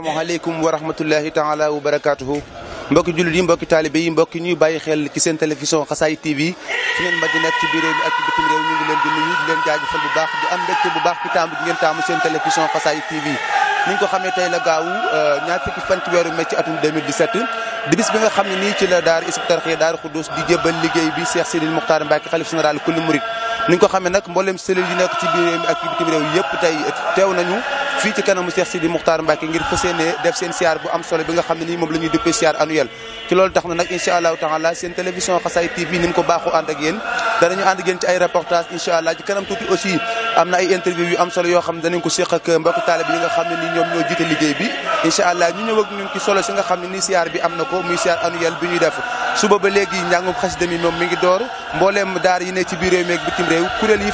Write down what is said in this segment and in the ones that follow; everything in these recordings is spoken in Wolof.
السلام عليكم ورحمه الله تعالى وبركاته مبوك جولي مبوك طالبي مبوك نيو باي خيل كي سين تيليفزيون تي في في مدينه تي بي ريم اك بتيم ريم نيغي لين دي نيو دي لين ام ديك بو باخ كي تام دي نين تام تي في نين كو خامي تاي لا غاو نيا فيك فانت ويرو اتون 2017 دي بيس بيغا خامي ني تي دار انسبكتور خي دار خدوس دي جيبال ليغي بي شيخ سيرين مختار مباكي خليف جنرال كل مريد نين كو خامي نك مبولم سيلول يي نك تي بي ريم اك fii ci kanamu Cheikh Sidi Moukhtar Mbacke ngir fas yéene def seen siyaar bu am solo bi nga xam ne nii moom la ñuy duppee siyaar annuel ci loolu tax na nag incha allahu taala seen télévision xasaay TV ni mu ko baaxu ànd ak yéen danañu ànd ak yéen ci ay reportage incha allah ci am ne danañ ko séq ak mbokki taalibe yi nga xam ne ni ñoom ñoo jiite liggéey bi incha allah ñu ñëw ak ñun si nga xam ne ni siyaar ko muy mi moom mi ngi door mbooleem daar ne ci biir réew meeg bitim réew kuréel yi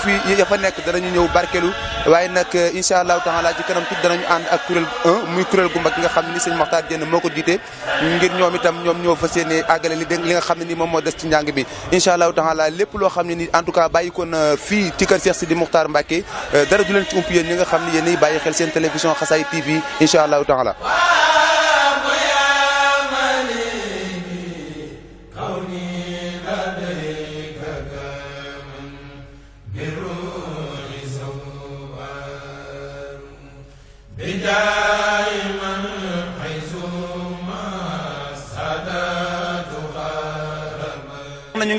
ñëw barkelu waaye nag eh, incha allahu taala ci kanam tuuti danañu ànd ak kuréel muy kuréel gu mag nga xam ne ni sëñ moo ko jiite ngir ñoom itam ñoom ñoo fas yéene àggale li li nga xam ne ni moom moo des ci njàng bi incha allahu taala lépp loo xam ne ni en tout cas bàyyi koon fii ci kër Cheikh Sidi Moukhtar Mbacké dara du leen ci ump yéen ñi nga xam ne yéen bàyyi xel seen télévision Xasaay TV incha allahu taala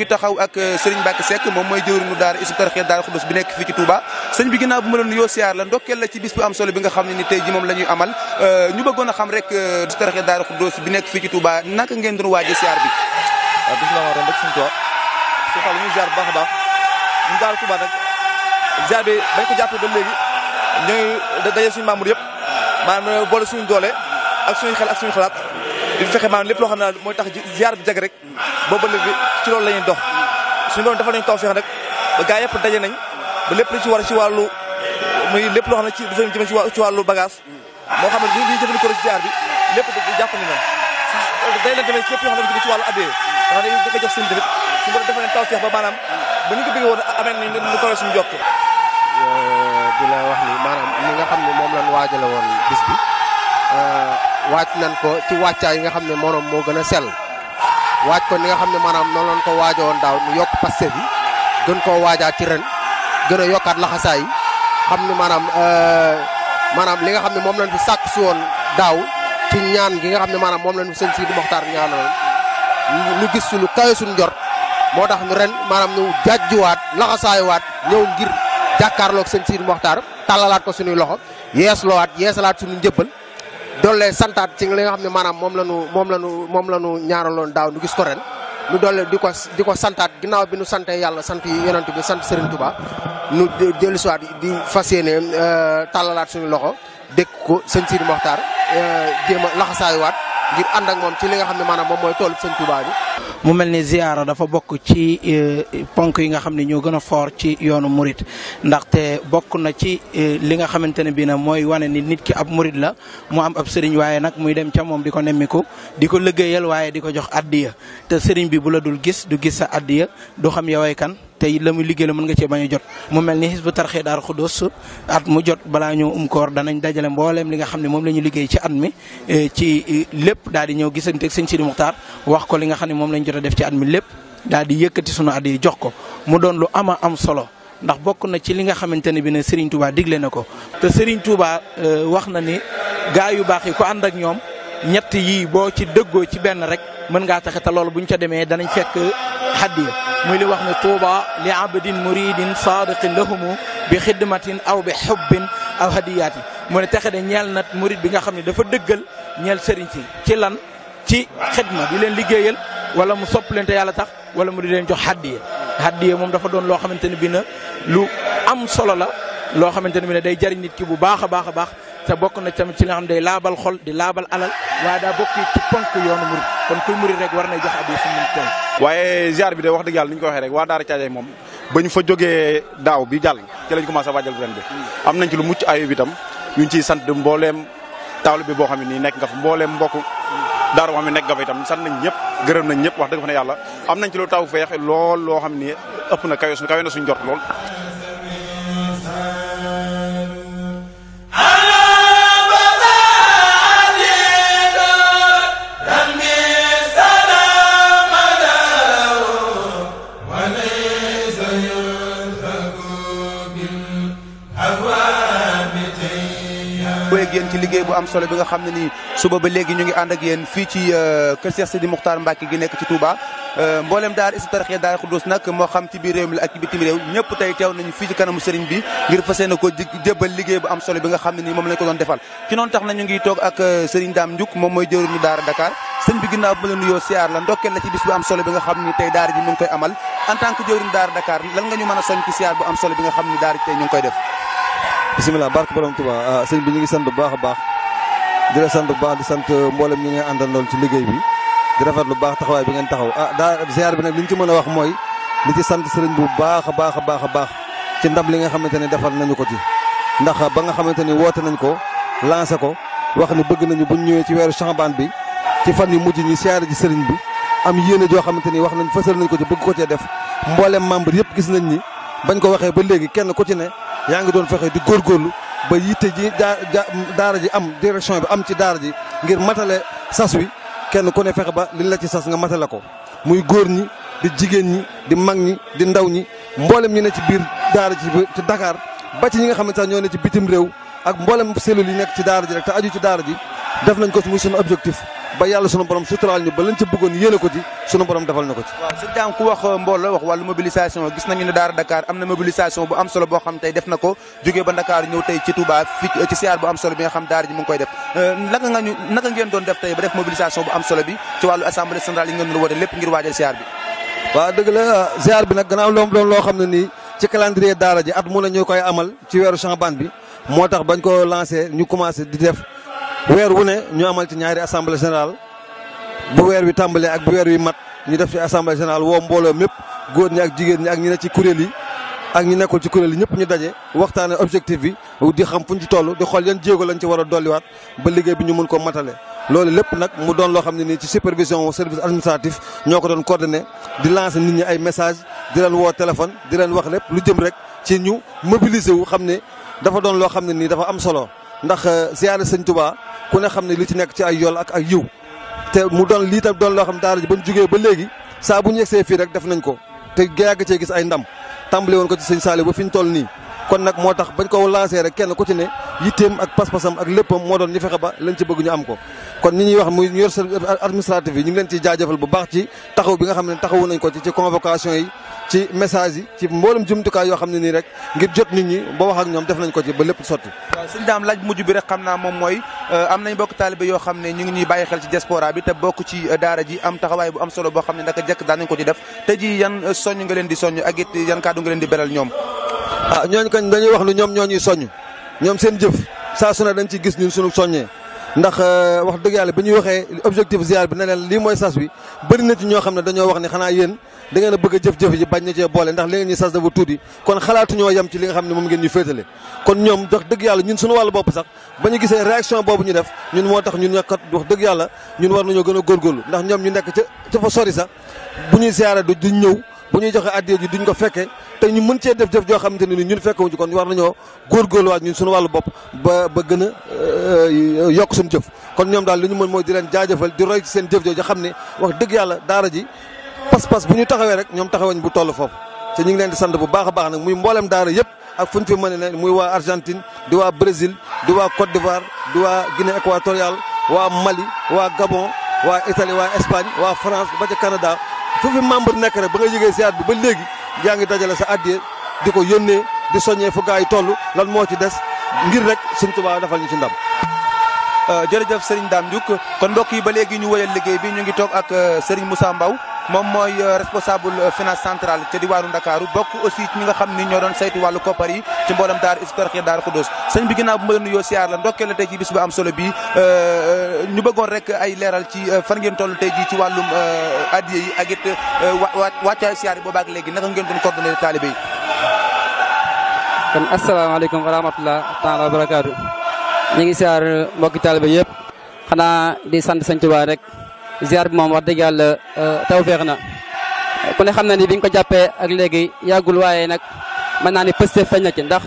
taxaw ak euh, Serigne Mbacke Seck moom mooy jëwriñu daara Hizbut Tarqiyyah daara Xudus bi nekk fii ci Touba sëñ bi ginnaaw bu ma la nuyoo siyaar la ndokkeel la ci bis bu am solo bi nga xam ne ni tey ji moom la amal euh, ñu bëggoon a xam rek euh, Hizbut Tarqiyyah daara Xudus bi nekk fii ci Touba naka ngeen doon waaje siyaar bi waaw bis ma su xal ñu ziar bu baax a baax ba daal Touba nag ziar bi bañ ko jàppee ba léegi membre yëpp maanaam boole suñu doole ak suñu xel ak suñu xalaat di fexe maanaam lépp loo xam ne mooy tax ziar bi jag rek boobu léegi ci loolu la ñuy dox suñu borom dafa nañ tawfeex nag ba gaa yëpp daje nañ ba lépp lu ci war ci wàllu muy lépp loo xam ne ci dafa jëm ci wàllu bagage moo xam ne li ñuy jëfandikoo ci ziar bi lépp jàpp nañ la day ci wàllu addee nga xam ne da seen tamit suñu borom dafa nañ tawfeex ba maanaam ba ñu ko bëggee woon amee nañ lu kawe suñu jokk euh, wax ni maanaam li nga xam ne moom lañ waajale woon bis bi euh, waaj nañ ko ci wàccaay yi nga xam ne morom moo gën a sell waaj ko ni nga xam ne maanaam noonu lañ ko waajoon daaw ñu yokk paste bi gën koo waajaat ci ren gën a yokkaat laxasaay xam ne maanaam euh, maanaam li nga xam ne moom lañ fi sàkk si woon daaw ci ñaan gi nga xam ne maanaam moom lañ fi sëñ Sidi Moxtaar ñaanoon ñu gis suñu kawe suñu njort moo tax ñu ren maanaam ñu jàjjuwaat laxasaayuwaat ñëw ngir jàkkaarloog sëñ Sidi Moxtaar tàllalaat ko suñuy loxo yeesloowaat yeesalaat suñu njëbbal doole santaat ci li nga xam ne maanaam moom la ñu moom la ñu moom la ñu ñaaraloon daaw ñu gis ko ren ñu doole di ko di ko santaat ginnaaw bi nu santee yàlla sant yi yonent bi sant Serigne Touba ñu dellu siwaat di fas yéene euh, tàllalaat suñu loxo dégg ko sëñ Sidi Mokhtar euh, jéem a laxasaayuwaat ngir ànd ak moom ci li nga xam ne maanaam moom mooy toolu Serigne Touba bi. mu mel ni ziyaara dafa bokk ci eh, ponk yi nga xam ne ñoo gën a foor ci yoonu murit ndaxte bokk na ci eh, li nga xamante ne bii nag mooy wane ni nit ki ab murit la mu am ab sëriñ waaye nag muy dem ca moom di ko nemmiku di ko liggéeyal waaye di ko jox addiya te sëriñ bi bu la dul gis du gis sa addiya du xam yoway kan tey la muy liggéey la mën nga cee bañ jot mu mel ni Hizbut Tarqiyyah Daaru Xudoos at mu jot balaa ñu um danañ dajale mbooleem li nga xam ne moom la ñu liggéey ci at mi eh, ci eh, lépp daal di ñëw gisante ak sëñ Sidi Muxtaar wax ko li nga xam ne moom lañ jot a def ci at mi lépp daal di yëkkati sunu at yi jox ko mu doon lu ama am solo ndax bokk na ci li nga xamante ne bi ne Serigne Touba digle na ko te Serigne Touba eh, wax na ni gaa yu baax yi ko ànd ak ñoom ñett yi boo ci dëggoo ci benn rek mën ngaa taxe te loolu buñ ca demee danañ fekk حديه ملي وخني طوبى لعبد مريد صادق لهم بخدمه او بحب او هديات مون تاخد نيال نات مريد بيغا خامي دا فا دغال نيال سيرنتي تي لان تي خدمه دي لين ليغيال ولا مو سوبلنت يالا تخ ولا مو لين جو حديه حديه موم دا فا دون لو خامتاني بينا لو ام صولو لا لو خامتاني بينا داي جاري نيت كي بو باخا باخا باخا te bokk na tamit ci nga xam ne day laabal xol di laabal alal waaye daa bokk ci ponk yoonu murid kon kuy murid rek war na jox a su waaye ziar bi de wax dëgg yàlla ni ñu ko waxee rek waa Daara Thiadiaye moom ba ñu fa jógee daaw bi jàll ci lañ commencé waajal ren bi am nañ ci lu mucc ayib itam ñu ngi ciy sant mbooleem taalibe bi boo xam ne nii nekk nga fa mbooleem mbokk daara boo ne nekk nga fa itam sant nañ ñëpp gërëm nañ ñëpp wax dëgg fa ne yàlla am nañ ci lu taw feex lool loo xam ne ëpp na kawe suñu suñu jot lool ci liggéey bu am solo bi nga xam ne ni suba ba léegi ñu ngi ànd ak yéen fii ci euh, kër Cheikh Sidi Moukhtar Mbacké gi nekk ci Touba euh, mboolem daar Hizbut Tarqiyyah daar Khoudoss nag moo xam ci biir réew mi la ak ci bitim réew ñëpp tey teew nañu fii ci kanamu sëriñ bi ngir fas yéene ko jébbal liggéey bu am solo bi nga xam ne nii moom lañ ko doon defal ci noonu tax na ñu ngi toog ak euh, sëriñ Dame Ndiouk moom mooy jëwriñu daara Dakar sëñ bi ginnaaw bu solo bi nga xam ne tey daara ji mu ngi koy amal en tant que jëwriñu nga ñu mën a soñ am solo bi nga xam ne daara ji ñu ngi koy def bismillah barke borom tuba seigne bi ñu ngi sant bu baax baax di la sant bu baax di sant mbolam ñi nga andal lool ci liggey bi di rafet lu baax taxaway bi ngeen taxaw ah da ziar bi nak liñ ci mëna wax moy li ci sant seigne bu baax a baax baax baax ci ndam li nga xamante defal nañu ko ci ndax ba nga xamante wote nañ ko lancé ko wax ni bëgg nañu bu ñëwé ci wéru chamban bi ci fan yu mujj ni ziar ji seigne bi am yene jo xamante wax nañ fësal nañ ko ci bëgg ko ci def mbolam membre yëpp gis nañ ni bañ ko waxé ba légui kenn ku ci ne yaa ngi doon fexe di góor góorgóorlu ba yitte ji daara ji am direction bi am ci daara ji ngir matale sas wi kenn ku ne fexe ba liñ la ci sas nga matale ko muy góor ñi di jigéen ñi di mag ñi di ndaw ñi mboolem ñu ne ci biir daara ji ci dakaar ba ci ñi nga xam ne sax ñoo ne ci bitim réew ak mboolem cellules yi nekk ci daara ji rek te aju ci daara ji def nañ ko muy suñu objectif ba yalla sunu borom sutural ñu ba lañ ci bëggoon yele ko ci sunu borom defal nako ci waaw sëñ Daam ku wax euh, mbol wax walu mobilisation gis nañu ni Daara Dakar am mobilisation bu am solo bo xam tay def nako. ko ba Dakar ñëw tay ci Touba fi ci siar bu am solo bi nga xam daar ji mu ngi koy def euh, naka nga ñu naka ngeen doon def tay ba def mobilisation bu am solo bi ci walu assemblée centrale ngeen lu wone lepp ngir wajal siar bi waaw deug la siar bi nak gënaaw lom doon lo xam ni ci calendrier daara ji at mu la ñu koy amal ci wéru champagne bi motax tax bañ ko lancer ñu commencer di def weer wu ne ñu amal ci ñaari assemblée générale bu weer wi tàmbalee ak bu weer wi mat ñu def ci assemblée générale woo mbooloo mépp góor ñi ak jigéen ñi ak ñu ne ci kuréel yi ak ñu nekkul ci kuréel yi ñëpp ñu daje waxtaane objectif bi di xam fu ñu ci toll di xool yan jéego lañ ci war a dolliwaat ba liggéey bi ñu mun ko matale. loolu lépp nag mu doon loo xam ne nii ci supervision service administratif ñoo ko doon coordonné di lancer nit ñi ay message di leen woo téléphone di leen wax lépp lu jëm rek ci ñu mobiliser wu xam ne dafa doon loo xam ne nii dafa am solo. ndax euh, ziyaare sëñ Touba ku ne xam ne li ci nekk ci ay yool ak ay yiw te mu doon lii tam doon loo xam daara ji ba mu jugee ba léegi saa bu ñu yegsee fii rek def nañ ko te yàgg cee gis ay ndam tàmbale woon ko ci sëñ Saliou ba fi ñu toll nii. kon nag moo tax bañ ko lancé rek kenn ku ci ne yitteem ak pas-pasam ak léppam moo doon ñu fexe ba lañ ci bëgg ñu am ko kon ñi ñuy wax muy ñu yor administratif yi ñu ngi leen ciy jaajëfal bu baax ci taxaw bi nga xam ne taxawu nañ ko ci ci convocation yi. ci message yi ci mboolum jumtukaay yoo xam ne nii rek ngir jot nit ñi ba wax ak ñoom def nañ ko ci ba lépp sotti waaw suñ daam laaj mujj bi rek xam naa moom mooy euh, am nañ bokk taalibe yoo xam ne ñu ngi ñuy bàyyi xel ci diaspora bi te bokk ci euh, daara ji am taxawaay bu am solo boo xam ne naka jëkk daan nañ ko ci def te ji yan euh, soññ nga leen di soññ ak yan kàddu nga leen di beral ñoom ah ñooñu kañ dañuy wax ni ñoom ñoo ñuy soññ ñoom seen jëf saa su ne dañ ci gis ñun suñu soññee ndax euh, wax dëgg yàlla bi ñuy waxee objectif ziar bi ne leen lii mooy sas wi bëri na ci ñoo xam ne dañoo wax ne xanaa yéen da ngeen a bëgg a jëf-jëf yi bañ na cee boole ndax li ngeen ñuy sas tuuti kon xalaatuñoo yem ci li nga xam ne moom ngeen ñu féetale kon ñoom wax dëgg yàlla ñun suñu wàllu bopp sax ba ñu gisee réaction boobu ñu def ñun moo tax ñun ñakkat wax dëgg yàlla ñun war nañoo gën a góorgóorlu ndax ñoom ñu nekk ca ca fa sori sax bu ñuy ziara du ñëw bu ñuy joxe addiya ji duñ ko fekke te ñu mën cee def jëf joo xamante ne ni ñun fekkewuñ ci kon war nañoo góorgóorluwaat ñun suñu wàllu bopp ba ba gën a euh, yokk suñu jëf kon ñoom daal li ñu mën mooy di leen jaajëfal di roy ci seen jëf jooju xam ne wax dëgg yàlla daara ji pas-pas bu ñu taxawee rek ñoom taxawañ bu toll foofu te ñu ngi leen di sant bu baax a baax nag muy mboolem daara yëpp ak fu ñu fi mën ne muy waa Argentine di waa Brésil di waa Côte d'Ivoire di waa Guinée équatoriale waa Mali waa Gabon waa Italie waa Espagne waa France ba ca Canada fu fi membre nekk rek ba nga yëgee ziar bi ba léegi yaa ngi dajale sa addiya di ko yónnee di soññee fu gaa yi toll lan moo ci des ngir rek Sëriñ Tuubaa defal ñu ci ndam. Euh, jërëjëf Serigne Dame Diouk kon mbokk yi ba léegi ñu wëyal liggéey bi ñu ngi toog ak euh, Serigne Moussa Mbaw moom mooy euh, responsable euh, finance centrale ca diwaanu Ndakaaru bokk aussi ci nga xam ni ñoo doon saytu wàllu koppar yi ci mboolem Daara Hizbut-Tarqiyyah Daara Khoudoss sëñ bi ginnaaw bu ma la nuyoo siyaar la ndokkee la tey ci bis bu am solo bi euh, ñu bëggoon rek ay leeral ci fan ngeen toll tey jii ci wàllum addiya yi ak it wa wàccaayu siyaar yi boobaak léegi naka ngeen doon coordonné taalibe yi. kon asalaamaaleykum wa rahmatulah taala wa barakaatu ñu ngi siyaar taalibe yëpp xanaa di sant sëñ Tuubaa rek. ziar bi moom wax dëgg yàlla euh, tawféex na ku ne xam na ni biñ ko jàppee ak léegi yàggul waaye nag mën naa ni pëste feeñ na ci ndax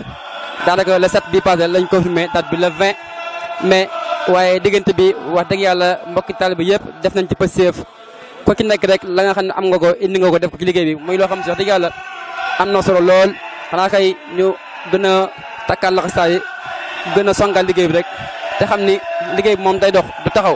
daanaka le 7 bi passé lañ confirmé date bi le 20 mai waaye diggante bi wax dëgg yàlla mbokki bi yëpp def nañ ci pësteef ko ki nekk rek la nga xam ne am nga ko indi nga ko def ko ci liggéey bi muy loo xam si wax dëgg yàlla am na solo lool xanaa kay ñu gën a takkaat saay gën a songal liggéey bi rek te xam ni liggéey bi moom day dox du taxaw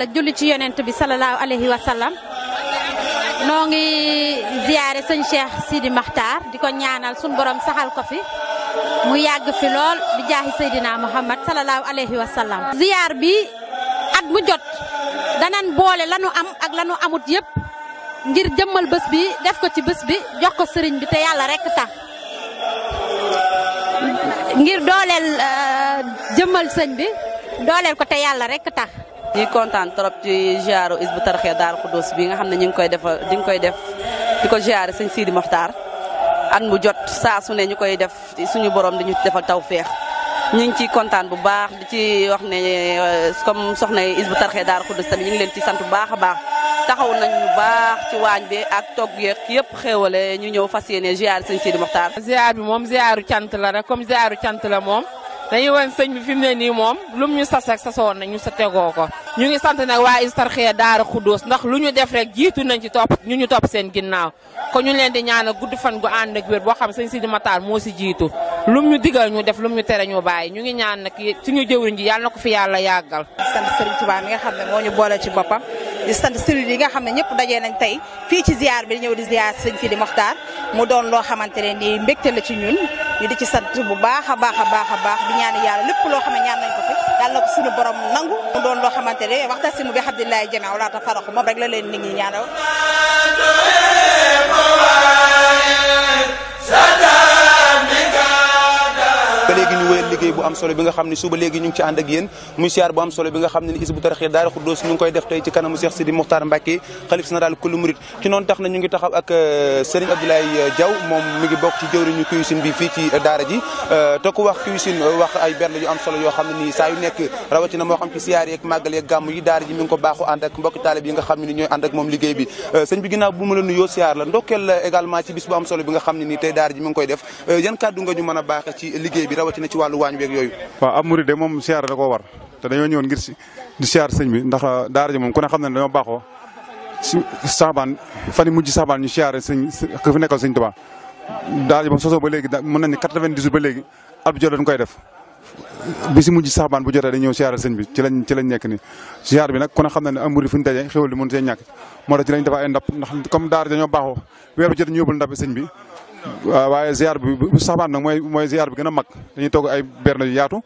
yàlla julli ci yonent bi salallaahu alayhi wa sallam noo ngi ziyaare Cheikh Sidi Maxtaar di ko ñaanal sun borom saxal ko fi mu yàgg fi lool di jaaxi Seydina Muhammad Sallallahu alayhi wa sallam ziyaar bi at mu jot danan boole lanu am ak lanu amut yëpp ngir jëmmal bés bi def ko ci bés bi jox ko sëriñ bi te yàlla rekk tax ngir dooleel euh, jëmmal sëñ bi dooleel ko te yàlla rekk tax ñuy kontaan trop ci ziaru Hizbut Tarqiyyah Daaru Xudoos bi nga xam ne ñu ngi koy defal di nga koy def di ko ziare sëñ Sidi Moxtaar at mu jot saa su ne ñu koy def suñu borom di ñu defal taw feex ñu ngi ciy kontaan bu baax di ci wax ne euh, comme soxna Hizbut Tarqiyyah daar Xudoos tamit ñu ngi leen ci sant bu baax a baax taxaw nañ bu baax ci waañ bi ak togg yeeg yëpp xéewale ñu ñëw fas yéene ziare sëñ Sidi Moxtaar. ziar bi moom ziaru cant la rek comme ziaru cant la moom. dañuy wan sëñ bi fi mu ne nii moom lum ñu sas rek sasoon nañ sa tegoo ko ñu ngi sant nag waaye Hizbut-Tarqiyyah Daara Khoudoss ndax lu ñu def rek jiitu nañ ci topp ñu ñu topp seen ginnaaw ko ñu leen di ñaanal gudd fan gu ànd ak wér boo xam sëñ Sidi Matar moo si jiitu lum ñu digal ñu def lum ñu tere ñu bàyyi ñu ngi ñaan nag suñu jëwriñ ji yàlla ko fi yàlla yàggal. nga xam ne moo ñu boole ci boppam di sant cellules yi nga xam ne ñëpp dajee nañ tey fii ci ziar bi ñëw di ziar sëñ Sidi Mokhtar mu doon loo xamante ne nii mbégte la ci ñun ñu di ci sant bu baax a baax a baax a baax di ñaan yàlla lépp loo xam ne na ko suñu borom nangu mu doon loo xamante ne waxtaan mu bi xabdillaahi jamia wala tafaraxu moom rek la leen nit ñi ñaanal. liggéey bu am solo bi nga xam ne suba bu am solo bi nga xam ne ngi koy def tey ci kanamu Cheikh Sidi Mokhtar Mbacké xalif général kullu murid ci noonu tax na ñu ngi taxaw ak euh, Serigne Abdoulaye euh, Diaw moom mi ngi bokk ci jëwriñu cuisine bi ci euh, daara ji te ku wax cuisine wax ay berle yu am solo yoo xam ne saa yu nekk rawatina moo xam ci siyaar yeeg màggal yeeg yi daara ji mi ngi ko baaxu ànd ak mbokki taalib yi nga xam ni ñooy ànd ak moom liggéey bi sëñ a beeg yooyu de moom siyaar da koo war te dañoo ñëwoon ngir si di siyaar sëñ bi ndax ah, daara ji moom ku ne xam ne dañoo baaxoo si saabaan fan yi mujj saabaan ñu siyaare sëñ ku fi nekkal sëñ Tuubaa daara ji moom sosoo ba léegi mën nañu quatre ba léegi at bu jot dañ koy def bi si bu jotee dañ ñëw bi ci lañ ci lañ nekk ni siyaar bi nag ku ne xam na ne amuri fu ñu daje xéwal li mën see ñàkk moo tax ci lañ dafa ay ndax comme daara dañoo baaxoo weer bu jot ñu yóbbul ndab sëñ bi waaye ziar bi bu saxbaan nag mooy mooy ziar bi gën a mag dañuy togg ay berne yu yaatu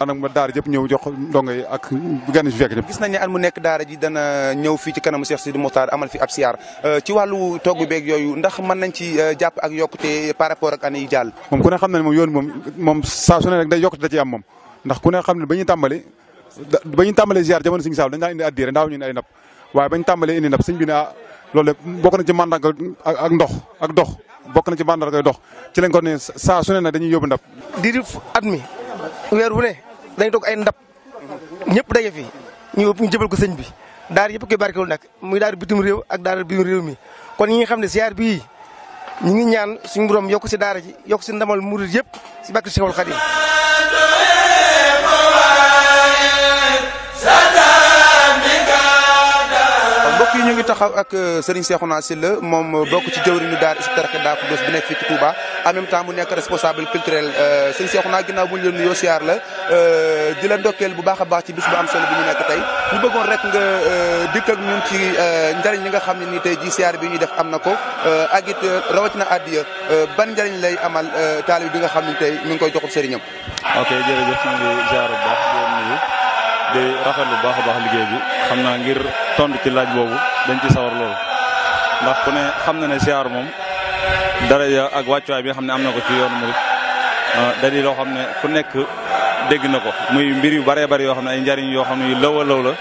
ànd ak ma daar jëpp ñëw jox ndongo yi ak gan fi fekk gis nañ ne mu nekk daar ji dana ñëw fii ci kanamu Cheikh Sidi Mokhtar amal fi ab siyaar euh, ci wàllu togg beeg yooyu ndax mën nañ ci euh, jàpp ak yokkute par rapport ak année yi jàll. moom ku ne xam ne moom yoon moom moom saa su ne rek day yokkute da am moom ndax ku ne xam ne ba ñuy tàmbali ba ñuy tàmbalee ziar jamono Sëñ Saal dañ daan indi addiya ndaw ñu ne ay napp waaye bañ tàmbalee indi napp sëñ bi ne ah loolu bokk na ci màndarga ak ndox ak dox bokk na ci bandar koy dox ci lañ ko ne saa su ne nag dañuy yóbbu ndab. diiru at mi weer wu ne dañu toog ay ndab ñëpp daje fi ñu ñu jëbal ko sëñ bi daar yëpp koy barkeelu nag muy daar bitim réew ak daar bitim réew mi kon ñi nga xam ne siyaar bi ñu ngi ñaan suñu borom yokk si daar ji yokk si ndamal murid yëpp si barke Cheikhul Khadim taxaw ak euh, Serigne Cheikhouna Sylla moom bokk ci jëwriñu daar Hizbut Tarqiyyah Daaru Xudoos bi nekk fii ci Touba en même temps mu nekk responsable culturel euh, Serigne Cheikhouna ginnaaw bu ñu leen nuyoo siyaar la euh, di la ndokkeel bu baax a baax ci bis bu am solo bi ñu nekk tey ñu bëggoon rek nga dikk ak ñun ci njariñ li nga xam ne nii tey di siyaar bi ñuy def am na ko ak na rawatina addiya ban njariñ lay amal taalib bi nga xam ni tey mi ngi koy joxub sëriñam ok di rafet lu baax baax liggéey bi xam naa ngir tontu ci laaj boobu dañ ci sawar loolu ndax ku ne xam na ne siyaar moom daraja ak wàccuwaay bi xam ne am na ko ci yoonu murit ah, da loo xam ne ku nekk dégg na ko muy mbir yu bëree bëri yoo xam ne ay njariñ yoo xam ne yu lëw la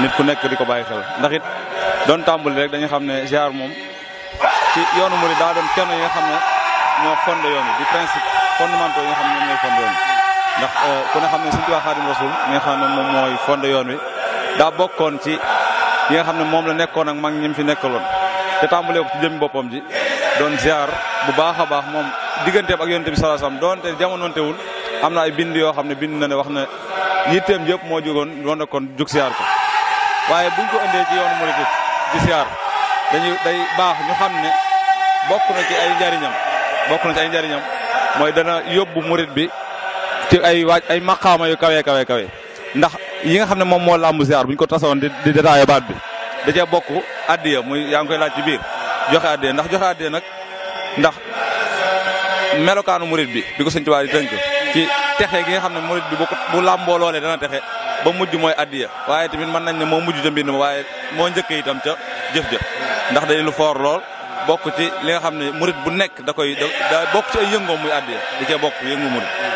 nit ku nekk di ko bàyyi doon tàmbali rek dañu xam ne siyaar moom ci yoonu murit daa doon kenn yi nga xam ne ñoo fondé yoon yi di principe fondamentaux yi nga xam ne ñoom ñooy fondé ndax euh, ku ne xam ne Sëriñ Tuubaa Xaadimu Rasuul mi nga xam ne moom mooy fond yoon wi daa bokkoon ci yi nga xam ne moom la nekkoon ak mag ñi fi nekkaloon te tàmbalee ko ci jëm boppam ji doon ziar bu baax a baax moom digganteem ak yonent bi sallallahu alayhi wasallam doonte am na ay bind yoo xam ne bind na ne wax na yitteem yëpp moo jógoon doon na kon jug ziar ko waaye buñ ko indee ci yoonu murid di ziar dañuy day baax ñu xam ne bokk na ci ay njariñam bokk na njariñam mooy dana yóbbu murid bi ci ay waj ay maqama yu kawé kawé kawé ndax yi nga xamné mom mo moo làmb ziar buñ ko tasoon di di détaillé baat bi da ca bokku addiya muy yang koy laaj ci biir joxe addiya ndax joxe addiya nak ndax melokanu murit bi biko seigne touba di tënk ci texé gi nga xamné ne bi bu bu làmboo dana texé ba mujj moy addiya waye tamit man nañ né mo mujj ca mbind waye mo moo itam ca jëf-jëf ndax day lu for lol bokk ci li nga xam ne bu nekk da koy da ci ay yëngoom muy addiya di ca bokk yëngu murit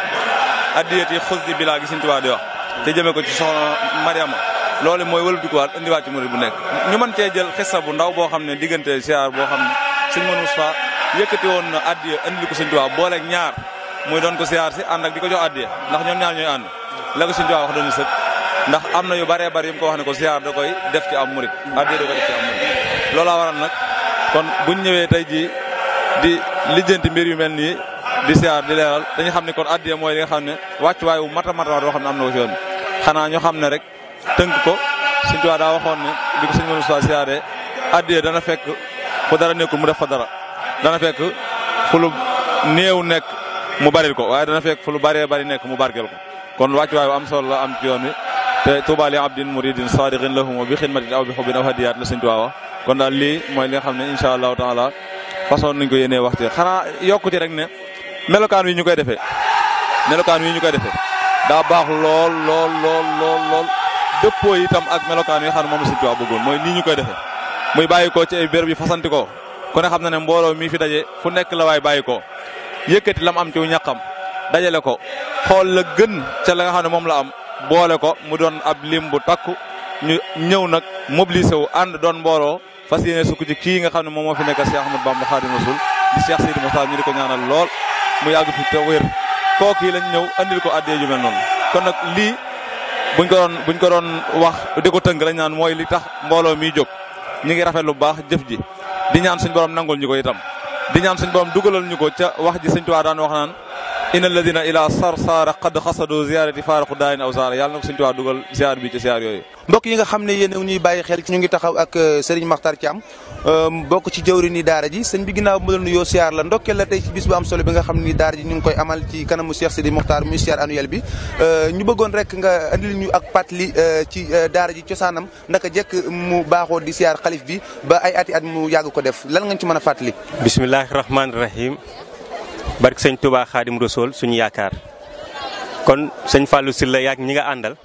addiyati xusdi bilaa gi Sëriñ Tuubaa di wax te jëmee ko ci soxna Mariama loolu mooy wëlbatikuwaat indiwaat ci murid bu nekk ñu man cee jël xissa bu ndaw boo xam ne diggante siyaar boo xam ne Sëriñ Mor Moustapha yëkkati woon na addiya indi ko Sëriñ Tuubaa boole ñaar muy doon ko siyaar si ànd ak di ko jox addiya ndax ñoom ñaar ñooy ànd la ko Sëriñ Tuubaa wax doon sëkk ndax am na yu baree bari yu mu ko wax ne ko siyaar da koy def ci am murid addiya da koy def ci am murid loolaa tey ji di lijjanti mbir yu mel nii di siyaar di leeral dañu xam ne kon addiya mooy li nga xam ne wàccuwaay wu mat a mat a xam ne am na ko rek tënk ko suñ tuwaa daa waxoon ne di ko suñ mën sa siyaaree addiya dana fekk fu dara nekkul mu def fa dara dana fekk fu lu néew nekk mu baril ko waaye dana fekk fu lu baree bari nekk mu bargel ko kon wàccuwaay wu am solo la am ci yoon wi te tuuba li abdin muridin sadiqin lahum bi xidmatin aw bi xubbin aw hadiyaat la suñ tuwaa wax kon daal lii mooy li xam ne incha allahu taala façon nañ ko yéenee waxte xanaa yokkute rek ne melokaan wi ñu koy defee melokaan wii ñu koy defee daa baax lool lool lool lool lool dëppoo itam ak melokaan wi xam ne moom la Sëñ Tuubaa bëggoon mooy nii ñu koy defee muy bàyyi ko ci ay béréb yi fasanti ko ne xam na ne mbooloo mi fi daje fu nekk la waay bàyyi ko yëkkati lam am ci ñàqam dajale ko xool la gën ca la nga xam ne moom la am boole ko mu doon ab lim bu takku ñu ñëw nag mobilisé wu ànd doon mbooloo fas yéene sukk ci kii nga xam ne moom moo fi nekk Cheikh Ahmadou Bamba Khadim Rasoul di Cheikh Sidi Moussa ñu di ko ñaanal lool mu yàgg fi te wér kooku yi lañ ñëw andil ko addee ju mel noonu kon nag lii buñ ko doon buñ ko doon wax di ko tënk lañ naan mooy li tax mbooloo mi jóg ñu ngi rafet lu baax jëf ji di ñaan suñ borom nangul ñu ko itam di ñaan suñ borom dugalal ñu ko ca wax ji suñ tuwaa daan wax naan إن الذين إلى صار صار قد خصدوا زيارة فارق داين أو زار يالنا سنتوا دوغل زيارة بيت زيارة يوي بوك ييغا خامني يي نوني باي خيل كي نيغي اك آه، سيرين مختار كيام بوك سي جوري ني سن بي غيناو نيو سيار لا ندوك لا تاي سي بيس بو ام سولو بيغا خامني دارا جي نينكوي عمل سي كانامو مختار مي سيار انويل بي آه، ني بيغون ريك غا نيو اك باتلي سي آه، دارا جي تيوسانم ناكا جيك مو باخو دي سيار خليف بي با اتي ات مو ياغ لان غن سي مانا بسم الله الرحمن الرحيم barke seigne Touba khadim rasoul suñu akar. kon seigne Fallou silla yak ñi nga andal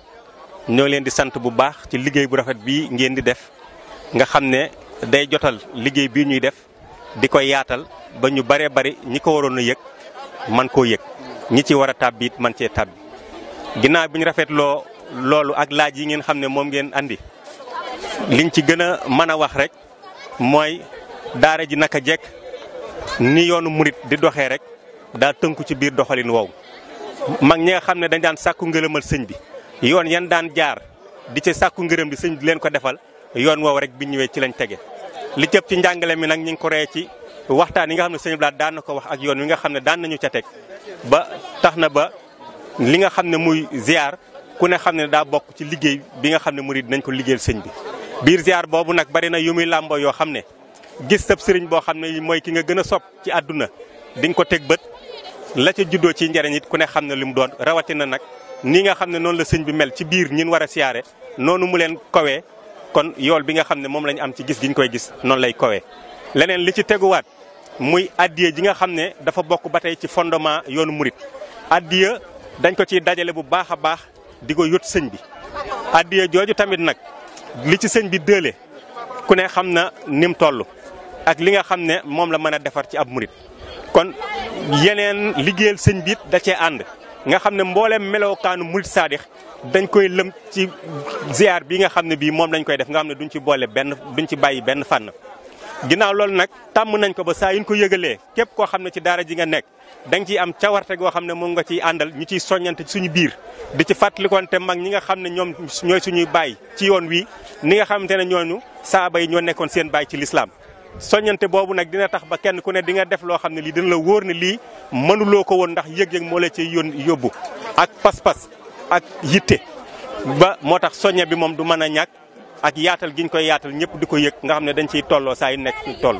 ñoo leen di sante bu baax ci liggey bu rafet bi ngeen di def nga xamne day jotal liggey bi ñuy def diko yaatal ba ñu bare bare ñi ko waronu yek man tabi. yek ñi ci wara a man ci ginaa ñu lo lolu ak laaj yi ngeen xamne mom ngeen andi liñ ci mana mëna wax rek moy daara ji naka jek ni yoonu murit di doxé rek daa tënku ci biir doxalin woowu mag ñi nga xam ne dañ daan sàkku ngërëmal sëñ bi yoon yan daan jaar di ci sàkku ngërëm di sëñ bi leen ko defal yoon woowu rek bi ñëwee ci lañ tege li cëpp ci njàngale mi nag ñu ngi ko ree ci waxtaan yi nga xam ne sëñ bi daan na ko wax ak yoon wi nga xam ne daan nañu ca teg ba tax na ba li nga xam ne muy ziar ku ne xam ne daa bokk ci liggéey bi nga xam ne murid nañ ko liggéeyal sëñ bi biir ziar boobu nag bari na yu muy làmbo yoo xam ne gis sab sëriñ boo xam ne mooy ki nga gën a sopp ci àdduna di ko teg bët la ca juddoo ci njariñ it ku ne xam na li mu doon rawatina nag ni nga xam ne noonu la sëñ bi mel ci biir ñin war a siyaare noonu mu leen kowee kon yool bi nga xam ne moom lañ am ci gis giñ koy gis noonu lay kowee leneen li ci teguwaat muy addiya ji nga xam ne dafa bokk ba tey ci fondement yoonu murit addiya dañ ko ciy dajale bu baax a baax di ko yót sëñ bi addiya jooju tamit nag li ci sëñ bi dële ku ne xam na nim toll ak li nga xam ne moom la mën a defar ci ab murit kon yeneen liggéeyal sëñ biit da cee ànd nga xam ne mbooleem melokaanu murid saadix dañ koy lëm ci ziar bi nga xam ne bii moom lañ koy def nga xam ne duñ ci boole benn duñ ci bàyyi benn fànn ginnaaw loolu nag tàmm nañ ko ba saa yuñ ko yëgalee képp koo xam ne ci daara ji nga nekk da nga ciy am cawarte goo xam ne moom nga ciy àndal ñu ciy soññante suñu biir di ci fàttalikoonte mag ñi nga xam ne ñoom ñooy suñuy baay ci yoon wii ni nga xamante ne ñooñu saaba yi ñoo nekkoon seen baay ci lislaam soññante boobu nag dina tax ba kenn ku ne dinga def loo xam ne lii dina la wóor ne lii mënuloo ko woon ndax yëg-yëg moo la ci yón yóbbu ak pas-pas ak yitte ba moo tax soñña bi moom du mën a ñàkk ak yaatal giñ koy yaatal ñëpp di ko yëg nga xam ne dañ ciy tolloo saa yu nekk toll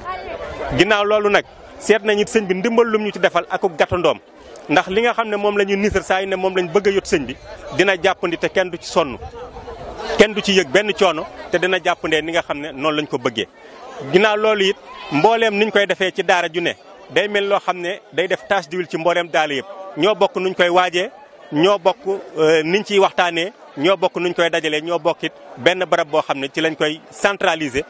ginnaaw loolu nag seet nañu sëñ bi ndimbal lum ñu ci defal ak gàttandoom ndax li nga xam ne moom la ñu nisar saa yu ne moom lañu bëgg a yot sëñ bi dina jàppandi te kenn du ci sonn kenn du ci yëg benn coono te dina jàppandee ni nga xam ne noonu lañ ko bëggee ginnaaw loolu it mbooleem niñ koy defee ci daara ju ne day mel loo xam ne day def tache d'huile ci mbooleem daara yëpp ñoo bokk nuñ koy waajee ñoo bokk euh, niñ ciy waxtaanee ñoo bokk nuñ koy dajalee ñoo bokk it benn barab boo xam ne ci lañ koy centraliser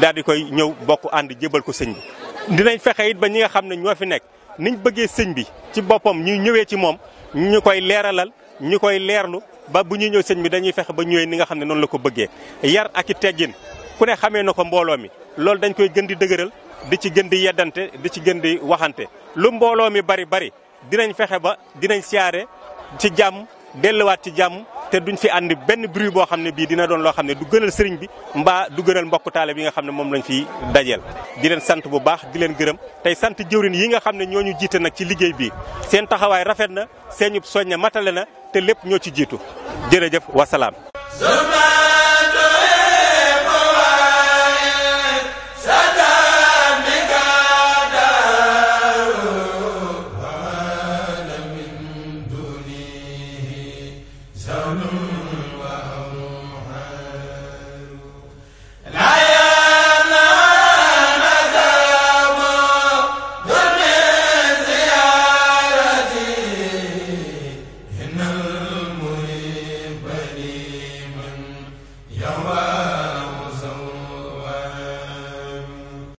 daal di koy ñëw bokk ànd jébal ko sëñ bi. dinañ fexe it ba ñi nga xam ne ñoo fi nekk niñ bëggee sëñ bi ci boppam ñu ñëwee ci moom ñu koy leeralal ñu koy leerlu ba bu ñuy ñëw sëñ bi dañuy fexe ba ñëwee ni nga xam ne noonu la ko bëggee yar ak i ku ne xamee ne ko mbooloo mi loolu dañ koy gën di dëgëral di ci gën di yeddante di ci gën di waxante lu mbooloo mi bari bari dinañ fexe ba dinañ siyaare ci jàmm delluwaat ci jàmm te duñ fi ànd benn bruit boo xam ne bii dina doon loo xam ne du gënal sëriñ bi mbaa du gënal mbokk taale bi nga xam ne moom lañ fiy dajeel di leen sant bu baax di leen gërëm tey sant jëwrin yi nga xam ne ñoo ñu jiite nag ci liggéey bii seen taxawaay rafet na seen soñña matale na te lépp ñoo ci jiitu jërëjëf wasalaam